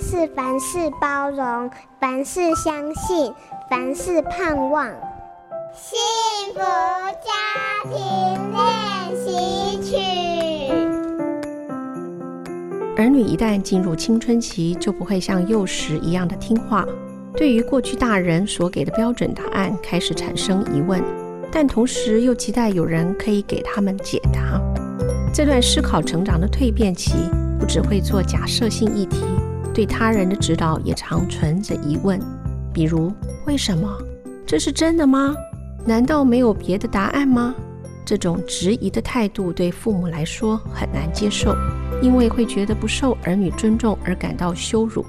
是凡事包容，凡事相信，凡事盼望。幸福家庭練習曲。兒女一旦進入青春期，就不會像幼時一樣的聽話，對於過去大人所給的標準答案開始產生疑問，但同時又期待有人可以給他們解答。這段思考成長的蛻變期，不只會做假設性議題。對他人的指導也常存着疑問，比如為什麼？這是真的嗎？難道沒有別的答案嗎？這種質疑的態度對父母來說很難接受，因為會覺得不受兒女尊重而感到羞辱，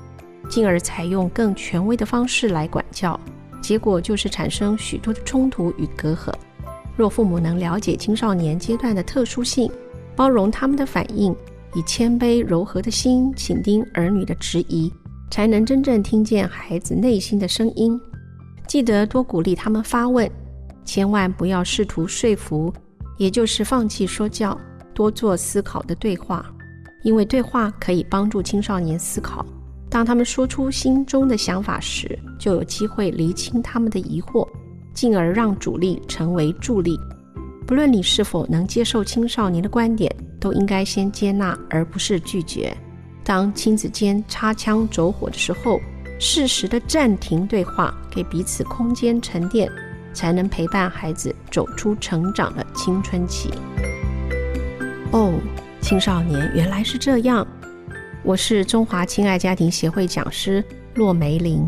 進而採用更權威的方式來管教，結果就是產生許多的衝突與隔閡。若父母能了解青少年階段的特殊性，包容他們的反應。以謙卑柔和的心傾聽兒女的質疑，才能真正聽見孩子內心的聲音。記得多鼓勵他們發問，千萬不要試圖說服，也就是放棄說教，多做思考的對話。因為對話可以幫助青少年思考，當他們說出心中的想法時，就有機會釐清他們的疑惑，進而讓阻力成為助力。不論你是否能接受青少年的觀點，都應該先接納，而不是拒絕。當親子間擦槍走火的時候，適時的暫停對話，給彼此空間沉澱，才能陪伴孩子走出成長的青春期。哦，青少年原來是這樣！我是中華親愛家庭協會講師駱玫玲。